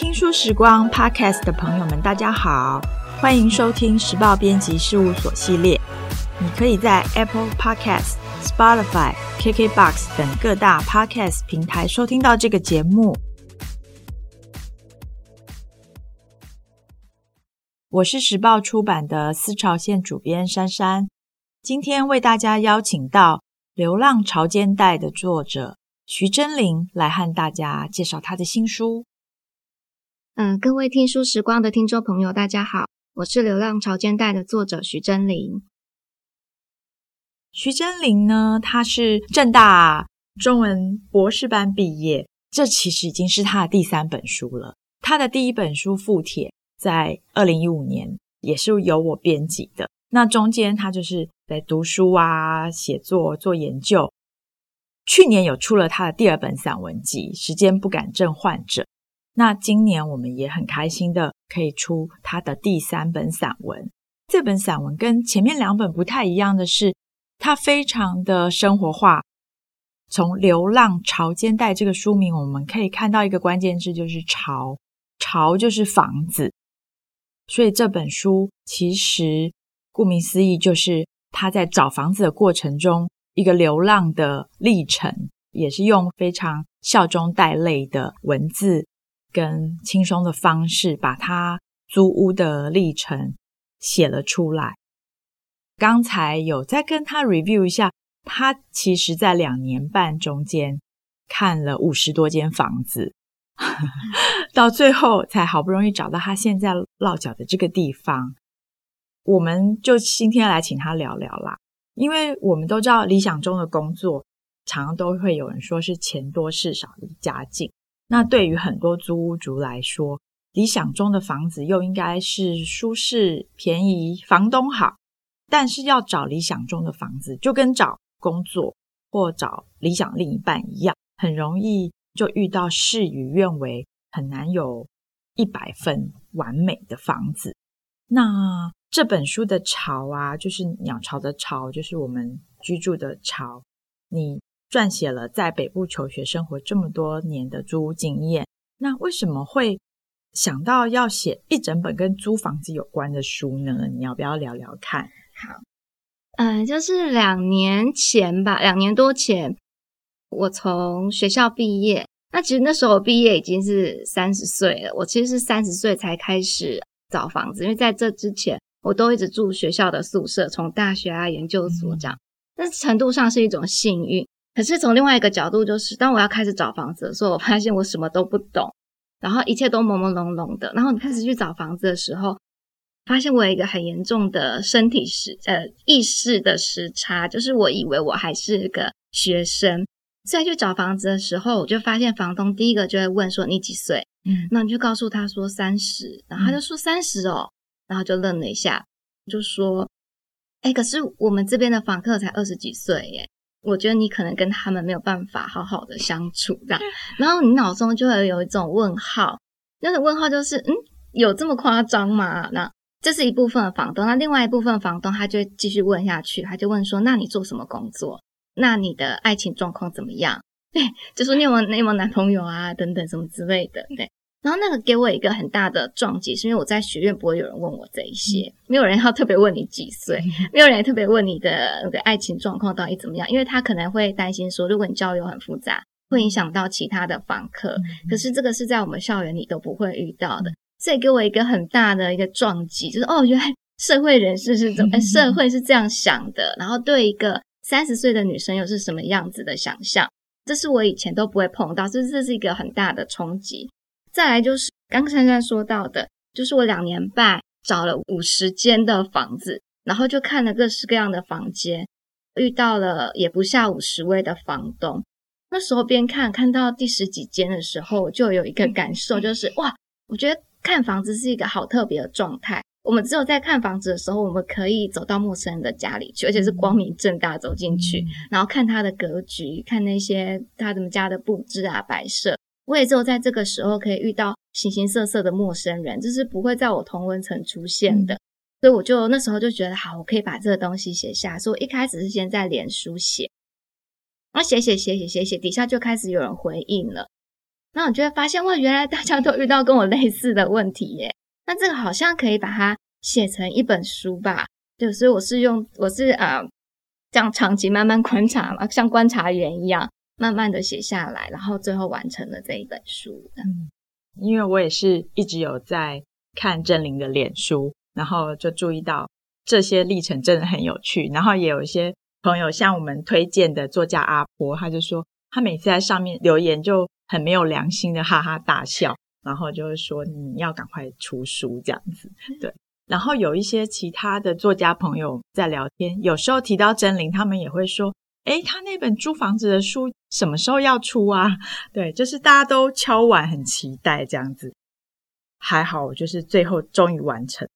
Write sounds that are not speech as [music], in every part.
聽書時光 Podcast 的朋友們，大家好，歡迎收聽《時報編輯事務所》系列。你可以在 Apple Podcast、Spotify、KKBox 等各大 Podcast 平台收聽到這個節目。我是時報出版的思潮線主編珊珊，今天為大家邀請到《流浪巢間帶》的作者徐禎苓來和大家介紹她的新書。嗯，各位聽書時光的聽眾朋友，大家好，我是流浪巢間帶的作者徐禎苓。徐禎苓呢，他是政大中文博士班畢業，這其實已經是他的第三本書了。他的第一本書《附帖》在二零一五年也是由我編輯的。那中間他就是在讀書啊、寫作、做研究。去年有出了他的第二本散文集《時間不感症患者》。那今年我們也很開心的可以出他的第三本散文。這本散文跟前面兩本不太一樣的是，它非常的生活化。從《流浪巢間帶》這個書名，我們可以看到一個關鍵字，就是“巢”。巢就是房子，所以這本書其實顧名思義，就是他在找房子的過程中一個流浪的歷程，也是用非常笑中帶淚的文字。跟輕鬆的方式，把他租屋的歷程寫了出來。剛才有在跟他 review 一下，他其實，在兩年半中間看了五十多間房子，到最後才好不容易找到他現在落腳的這個地方。我們就今天來請他聊聊啦，因為我們都知道理想中的工作，常常都會有人說是錢多事少，離家近。那對於很多租屋族來說，理想中的房子又應該是舒適、便宜、房東好。但是要找理想中的房子，就跟找工作或找理想另一半一樣，很容易就遇到事與願違，很難有一百分完美的房子。那這本書的巢啊，就是鳥巢的巢，就是我們居住的巢。你。撰寫了在北部求學生活這麼多年的租屋經驗，那為什麼會想到要寫一整本跟租房子有關的書呢？你要不要聊聊看？好，嗯、呃，就是兩年前吧，兩年多前，我從學校畢業。那其實那時候我畢業已經是三十歲了，我其實是三十歲才開始找房子，因為在這之前我都一直住學校的宿舍，從大學啊、研究所這樣，但是、嗯、程度上是一種幸運。可是從另外一個角度，就是當我要開始找房子的時候，我發現我什麼都不懂，然後一切都朦朦朧朧的。然後你開始去找房子的時候，發現我有一個很嚴重的身體時呃意識的時差，就是我以為我還是個學生。在去找房子的時候，我就發現房東第一個就會問說，你幾歲？嗯，那你就告訴他說三十，然後他就說三十哦，嗯、然後就愣了一下，就說，哎、欸，可是我們這邊的房客才二十幾歲耶。我覺得你可能跟他們沒有辦法好好的相處，這樣，然後你腦中就會有一種問號，那個問號就是，嗯，有這麼誇張嗎？那這是一部分的房東，那另外一部分的房東，他就繼續問下去，他就問說，那你做什麼工作？那你的愛情狀況怎麼樣？對，就說你有沒有，你有沒有男朋友啊？等等什麼之類的，對。然後那個給我一個很大的撞擊，是因為我在學院不會有人問我這一些，沒有人要特別問你幾歲，沒有人特別問你的那個愛情狀況到底怎麼樣，因為他可能會擔心說，如果你交友很複雜，會影響到其他的房客。可是這個是在我們校園裡都不會遇到的，所以給我一個很大的一個撞擊，就是哦，原來社會人士是怎麼社會是這樣想的，然後對一個三十歲的女生又是什麼樣子的想象，這是我以前都不會碰到，這這是一個很大的衝擊。再來就是剛剛珊珊說到的，就是我兩年半找了五十間的房子，然後就看了各式各樣的房間，遇到了也不下五十位的房東。那時候邊看，看到第十幾間的時候，就有一個感受，就是哇，我覺得看房子是一個好特別的狀態。我們只有在看房子的時候，我們可以走到陌生人的家裡去，而且是光明正大走進去，嗯、然後看他的格局，看那些他們家的佈置啊、擺設。我也只有在這個時候可以遇到形形色色的陌生人，就是不會在我同溫層出現的，嗯、所以我就那時候就覺得好，我可以把這個東西寫下。所以我一開始是先在臉書寫，那寫寫寫寫寫寫，底下就開始有人回應了。那我就會發現，哇，原來大家都遇到跟我類似的問題耶。那這個好像可以把它寫成一本書吧？對，所以我是用，我是啊，呃、這樣長期慢慢觀察嘛，像觀察員一樣。慢慢的寫下來，然後最後完成了這一本書。嗯，因為我也是一直有在看禎苓的臉書，然後就注意到這些歷程真的很有趣。然後也有一些朋友向我們推薦的作家阿婆，他就說他每次在上面留言就很沒有良心的哈哈大笑，然後就會說你要趕快出書這樣子。對，然後有一些其他的作家朋友在聊天，有時候提到禎苓，他們也會說，誒，他那本租房子的書。什麼時候要出啊？對，就是大家都敲碗很期待這樣子，還好，就是最後終於完成。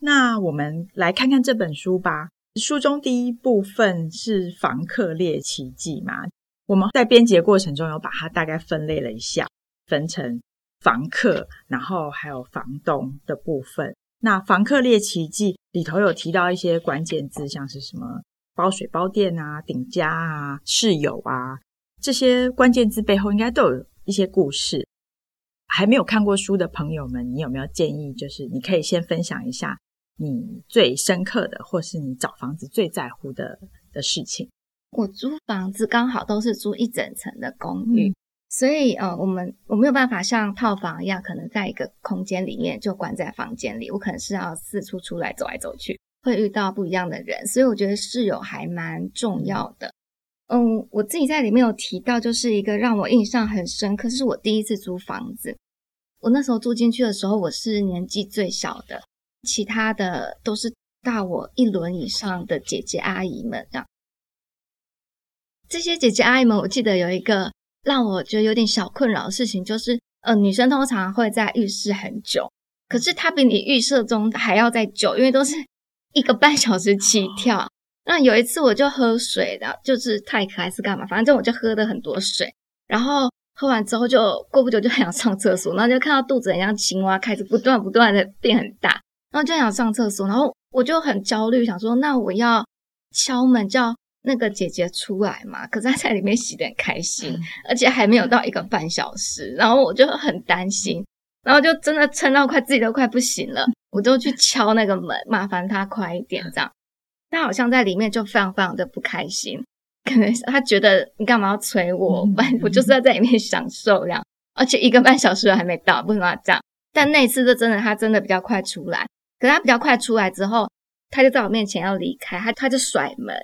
那我們來看看這本書吧。書中第一部分是房客獵奇記嘛？我們在編輯的過程中有把它大概分類了一下，分成房客，然後還有房東的部分。那房客獵奇記裡頭有提到一些關鍵字，像是什麼包水包電啊、頂家啊、室友啊。這些關鍵字背後應該都有一些故事。還沒有看過書的朋友們，你有沒有建議？就是你可以先分享一下你最深刻的，或是你找房子最在乎的的事情。我租房子剛好都是租一整層的公寓，嗯、所以呃，我們我沒有辦法像套房一樣，可能在一個空間裡面就關在房間裡。我可能是要四處出來走來走去，會遇到不一樣的人，所以我覺得室友還蠻重要的，嗯。嗯，我自己在裡面有提到，就是一個讓我印象很深刻。可是，是我第一次租房子，我那時候住進去的時候，我是年紀最小的，其他的都是大我一輪以上的姐姐阿姨們這樣。這些姐姐阿姨們，我記得有一個讓我覺得有點小困擾的事情，就是，呃，女生通常會在浴室很久，可是她比你預設中還要再久，因為都是一個半小時起跳。那有一次我就喝水的，就是太渴還是幹嘛，反正我就喝了很多水。然後喝完之後就過不久就很想上廁所，然後就看到肚子很像青蛙，開始不斷不斷的變很大，然後就想上廁所，然後我就很焦慮，想說那我要敲門叫那個姐姐出來嘛。可是她在裡面洗的很開心，而且還沒有到一個半小時，然後我就很擔心，然後就真的撐到快自己都快不行了，我就去敲那個門，麻煩她快一點這樣。他好像在裡面就非常非常的不開心，可能他覺得你幹嘛要催我，我、嗯、我就是要在裡面享受這樣，而且一個半小時還沒到，為什麼要這樣？但那一次就真的，他真的比較快出來，可是他比較快出來之後，他就在我面前要離開，他他就甩門。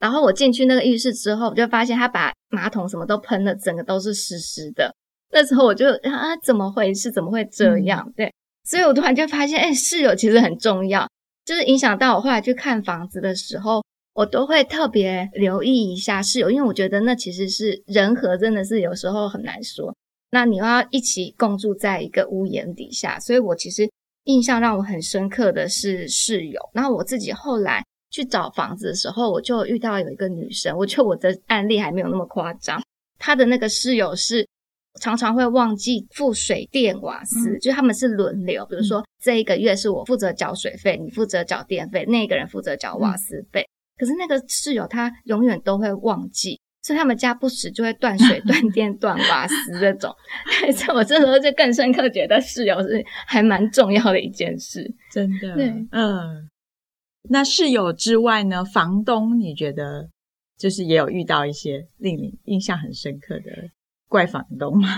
然後我進去那個浴室之後，我就發現他把馬桶什麼都噴了，整個都是濕濕的。那時候我就啊，怎麼回事？怎麼會這樣？嗯、對，所以我突然就發現，哎、欸，室友其實很重要。就是影響到我後來去看房子的時候，我都會特別留意一下室友，因為我覺得那其實是人和，真的是有時候很難說。那你要一起共住在一個屋檐底下，所以我其實印象讓我很深刻的是室友。然後我自己後來去找房子的時候，我就遇到有一個女生，我覺得我的案例還沒有那麼誇張，她的那個室友是。常常會忘記付水電瓦斯，嗯、就他們是輪流，比如說、嗯、這一個月是我負責繳水費，你負責繳電費，那個人負責繳瓦斯費。嗯、可是那個室友他永遠都會忘記，所以他們家不時就會斷水、斷電、斷瓦斯這種。 [laughs] 所以我這時候就更深刻覺得室友是還蠻重要的一件事，真的。對嗯。那室友之外呢？房東你覺得就是也有遇到一些令你印象很深刻的？怪房東嗎？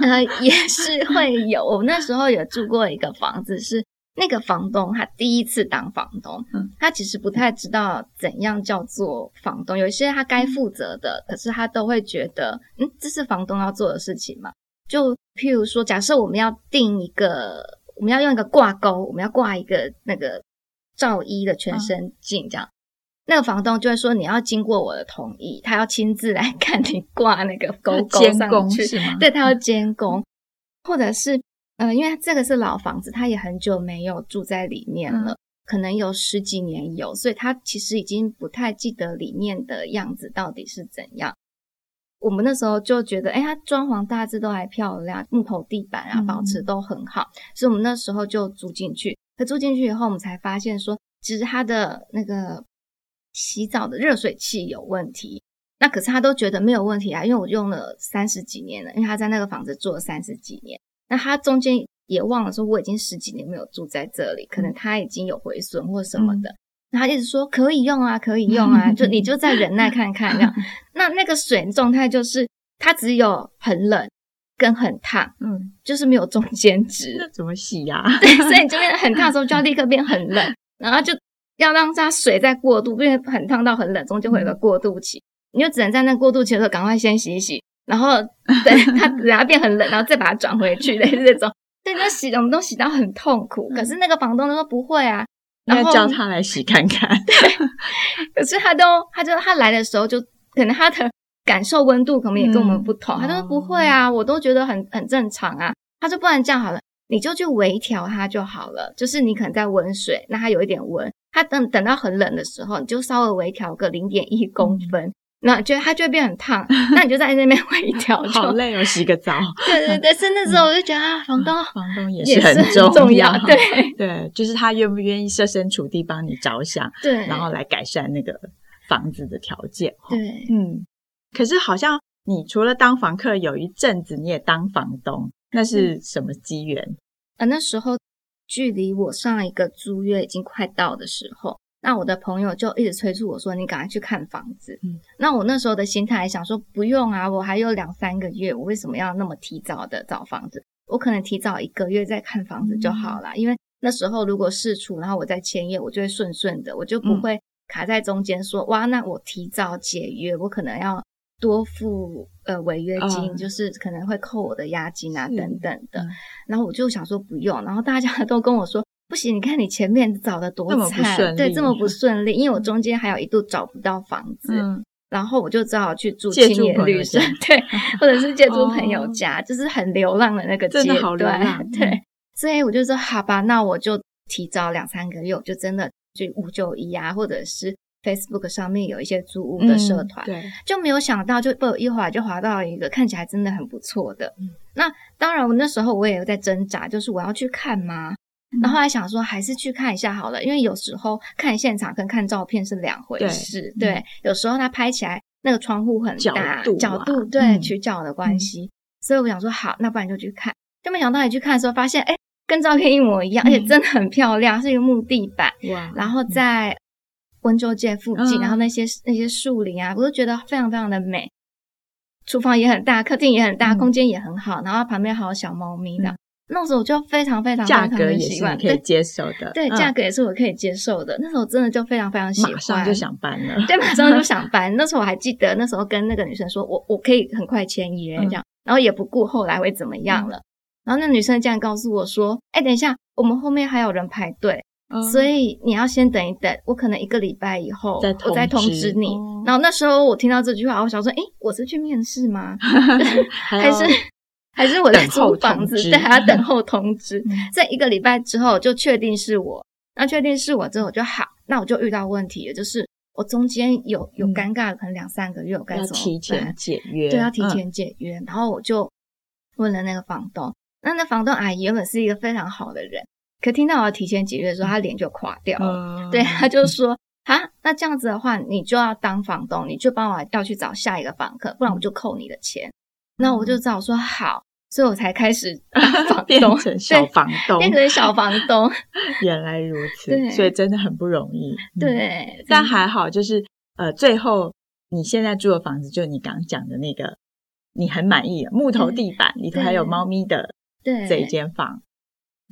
[laughs] 呃，也是會有。我們那時候有住過一個房子，是那個房東他第一次當房東，嗯、他其實不太知道怎樣叫做房東。有一些他該負責的，嗯、可是他都會覺得，嗯，這是房東要做的事情嗎？就譬如說，假設我們要定一個，我們要用一個掛鈎，我們要掛一個那個罩衣的全身鏡，這樣。啊那個房東就會說，你要經過我的同意，他要親自來看你掛那個勾勾上去，是嗎？對，他要監工，嗯、或者是嗯、呃，因為這個是老房子，他也很久沒有住在裡面了，嗯、可能有十幾年有，所以他其實已經不太記得裡面的樣子到底是怎樣。我們那時候就覺得，哎、欸，他裝潢大致都還漂亮，木頭地板啊，保持都很好，嗯、所以我們那時候就租進去。可租進去以後，我們才發現說，其實他的那個。洗澡的熱水器有問題，那可是他都覺得沒有問題啊，因為我用了三十幾年了，因為他在那個房子住了三十幾年，那他中間也忘了說我已經十幾年沒有住在這裡，可能他已經有回損或什麼的，嗯、那他一直說可以用啊，可以用啊， [laughs] 就你就再忍耐看看那樣。那那個水的狀態就是它只有很冷跟很燙，嗯，就是沒有中間值，怎麼洗呀？、啊？對，所以你就變得很燙的時候就要立刻變很冷，然後就。要讓它水再過渡，因為很燙到很冷，中間就會有個過渡期。嗯、你就只能在那過渡期的時候，趕快先洗一洗，然後等它等它變很冷，然後再把它轉回去， [laughs] 類似這種。對，那洗我們都洗到很痛苦，可是那個房東都說不會啊，嗯、然後要叫他來洗看看。對。可是他都，他就他來的時候就可能他的感受溫度可能也跟我們不同，嗯、他都說不會啊，我都覺得很很正常啊。他說不然這樣好了，你就去微調它就好了，就是你可能在溫水，那它有一點溫。他等等到很冷的時候，你就稍微微調個零點一公分，那覺得，他就會變很燙， [laughs] 那你就在那邊微調。好累哦，我洗個澡。 [laughs] 對，對對對，是那時候我就覺得啊，房東，房東也是很重要，很重要對對，就是他願不願意設身處地幫你着想，對，然後來改善那個房子的條件，對，嗯。可是好像你除了當房客有一陣子，你也當房東，嗯、那是什麼機緣、嗯、啊？那時候。距離我上一個租約已經快到的時候，那我的朋友就一直催促我說：“你趕快去看房子。嗯”那我那時候的心態想說：“不用啊，我還有兩三個月，我為什麼要那麼提早的找房子？我可能提早一個月再看房子就好了。嗯、因為那時候如果事出，然後我再簽約，我就會順順的，我就不會卡在中間說：‘嗯、哇，那我提早解約，我可能要。’多付呃違約金，嗯、就是可能會扣我的押金啊是等等的。然後我就想說不用，然後大家都跟我說不行，你看你前面找的多慘、啊，這麼不順利，對，這麼不順利，嗯、因為我中間還有一度找不到房子，嗯、然後我就只好去住青年旅社，就是、對， [laughs] 或者是借住朋友家，哦、就是很流浪的那個階段，對，所以我就說好吧，那我就提早兩三個月，就真的就五九一啊，或者是。Facebook 上面有一些租屋的社團，對，就沒有想到，就不一會兒就滑到一個看起來真的很不錯的。那當然，我那時候我也有在掙扎，就是我要去看嗎？然後還想說，還是去看一下好了，因為有時候看現場跟看照片是兩回事。對，有時候他拍起來那個窗戶很大，角度對，取角的關係，所以我想說，好，那不然就去看。就沒想到你去看的時候，發現哎，跟照片一模一樣，而且真的很漂亮，是一個木地板，哇，然後在。溫州街附近，然後那些那些樹林啊，我都覺得非常非常的美。廚房也很大，客廳也很大，空間也很好。然後旁邊還有小貓咪的。那時候我就非常非常喜歡。價格也是我可以接受的，對，價格也是我可以接受的。那時候真的就非常非常喜歡。馬上就想搬了，對，馬上就想搬。那時候我還記得，那時候跟那個女生說，我我可以很快簽約這樣，然後也不顧後來會怎麼樣了。然後那女生這樣告訴我說：“哎，等一下，我們後面還有人排隊。”所以你要先等一等，我可能一個禮拜以後我再通知你。然後那時候我聽到這句話，我想說，誒，我是去面試嗎？還是還是我在租房子還要等候通知，在一個禮拜之後就確定是我。那確定是我之後，我就好，那我就遇到問題，也就是我中間有有尷尬，可能兩三個月我該怎麼？要提前解約。對，要提前解約。然後我就問了那個房東，那那房東阿姨原本是一個非常好的人。可聽到我要提前解約的時候，他臉就垮掉了。嗯、對，他就說：“啊，那這樣子的話，你就要當房東，你就幫我要去找下一個房客，嗯、不然我就扣你的錢。嗯”那我就只好說好，所以我才開始變成小房東，變成小房東。 [laughs] 原來如此，對所以真的很不容易。對，嗯、對但還好，就是呃，最後你現在住的房子，就是你剛剛講的那個，你很滿意，木頭地板對裡頭還有貓咪的這一間房。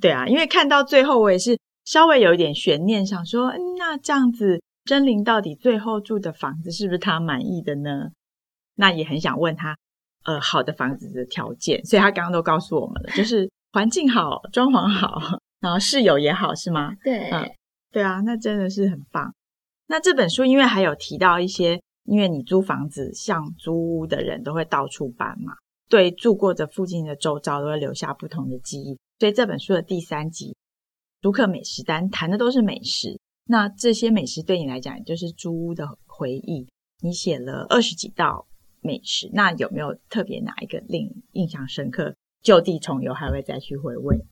對啊，因為看到最後，我也是稍微有一點懸念，想說，那這樣子禎苓到底最後住的房子是不是他滿意的呢？那也很想問他，呃，好的房子的條件，所以他剛剛都告訴我們了，就是環境好，裝潢好，然後室友也好，是嗎？對，啊、嗯，對啊，那真的是很棒。那這本書因為還有提到一些，因為你租房子像租屋的人都會到處搬嘛，對，住過的附近的周遭都會留下不同的記憶。所以這本書的第三集《租客美食單》談的都是美食，那這些美食對你來講就是租屋的回憶。你寫了二十幾道美食，那有沒有特別哪一個令印象深刻，舊地重遊還會再去回味？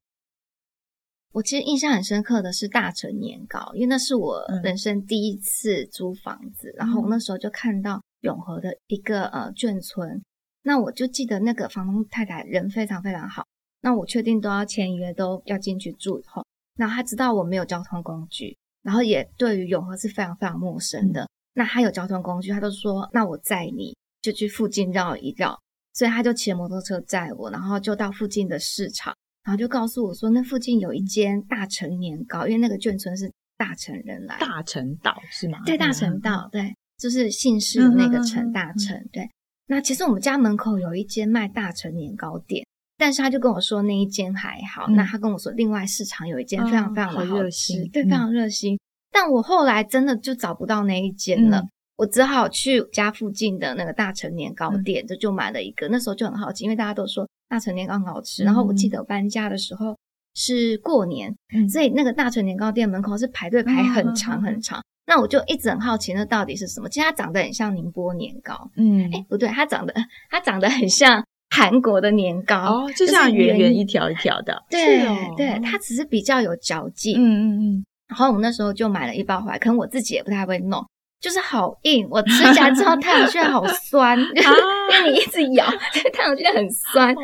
我其實印象很深刻的是大陳年糕，因為那是我人生第一次租房子，嗯、然後我那時候就看到永和的一個呃眷村，那我就記得那個房東太太人非常非常好。那我確定都要簽約，都要進去住以後，然後他知道我沒有交通工具，然後也對於永和是非常非常陌生的。嗯、那他有交通工具，他都說那我載你，就去附近繞一繞。所以他就騎摩托車載我，然後就到附近的市場，然後就告訴我說那附近有一間大陳年糕，因為那個眷村是大陳人來的，大陳島是嗎？對，大陳島，對，就是姓氏有那個陳大陳。嗯嗯嗯嗯對，那其實我們家門口有一間賣大陳年糕店。但是他就跟我說那一間還好，嗯、那他跟我說另外市場有一間非常非常的熱心、哦、對，嗯、非常熱心。但我後來真的就找不到那一間了，嗯、我只好去家附近的那個大成年糕店，嗯、就就買了一個。那時候就很好奇，因為大家都說大陳年糕很好吃。嗯、然後我記得我搬家的時候是過年，嗯、所以那個大陳年糕店門口是排隊排很長很長。嗯、那我就一直很好奇，那到底是什麼？其實它長得很像寧波年糕，嗯，欸、不對，它長得它長得很像韓國的年糕，哦、就像圓圓一條一條的，對，哦、對，它只是比較有嚼勁，嗯嗯嗯。然後我們那時候就買了一包回來，可能我自己也不太會弄，就是好硬，我吃下之後，太陽穴好酸， [laughs] 就是你一直咬，所以太陽穴很酸。啊、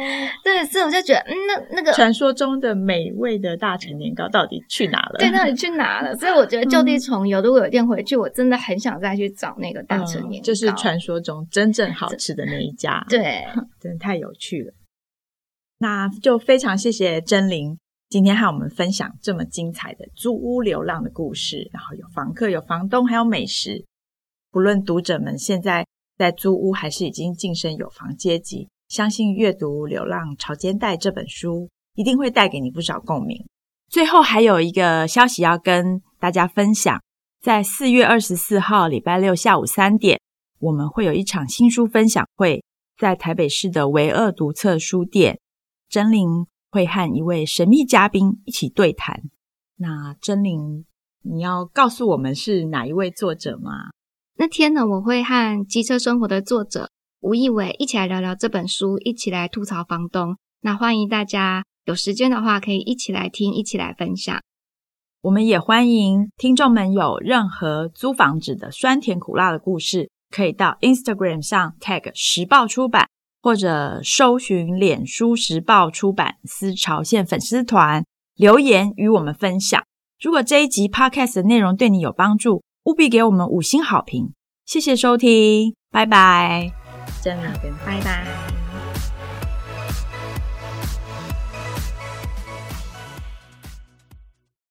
對，所以我就覺得，嗯，那那個傳說中的美味的大陳年糕到底去哪了？對，到底去哪了？所以我覺得舊地重遊，嗯、如果有一天回去，我真的很想再去找那個大陳年糕，嗯、就是傳說中真正好吃的那一家。嗯、對，真的太有趣了。那就非常謝謝禎苓。今天和我們分享這麼精彩的租屋流浪的故事，然後有房客、有房東，還有美食。不論讀者們現在在租屋，還是已經晉升有房階級，相信閱讀《流浪巢間帶》這本書，一定會帶給你不少共鳴。最後還有一個消息要跟大家分享，在四月二十四號禮拜六下午三點，我們會有一場新書分享會，在台北市的微貳獨冊書店真靈會和一位神秘嘉賓一起對談。那禎苓，你要告訴我們是哪一位作者嗎？那天呢，我會和《機車生活》的作者吳億偉一起來聊聊這本書，一起來吐槽房東。那歡迎大家有時間的話，可以一起來聽，一起來分享。我們也歡迎聽眾們有任何租房子的酸甜苦辣的故事，可以到 Instagram 上 tag 時報出版。或者搜尋《臉書時報》出版《思潮線》粉絲團留言與我們分享。如果這一集 Podcast 的內容對你有幫助，務必給我們五星好評。謝謝收聽，拜拜，在那邊，拜拜。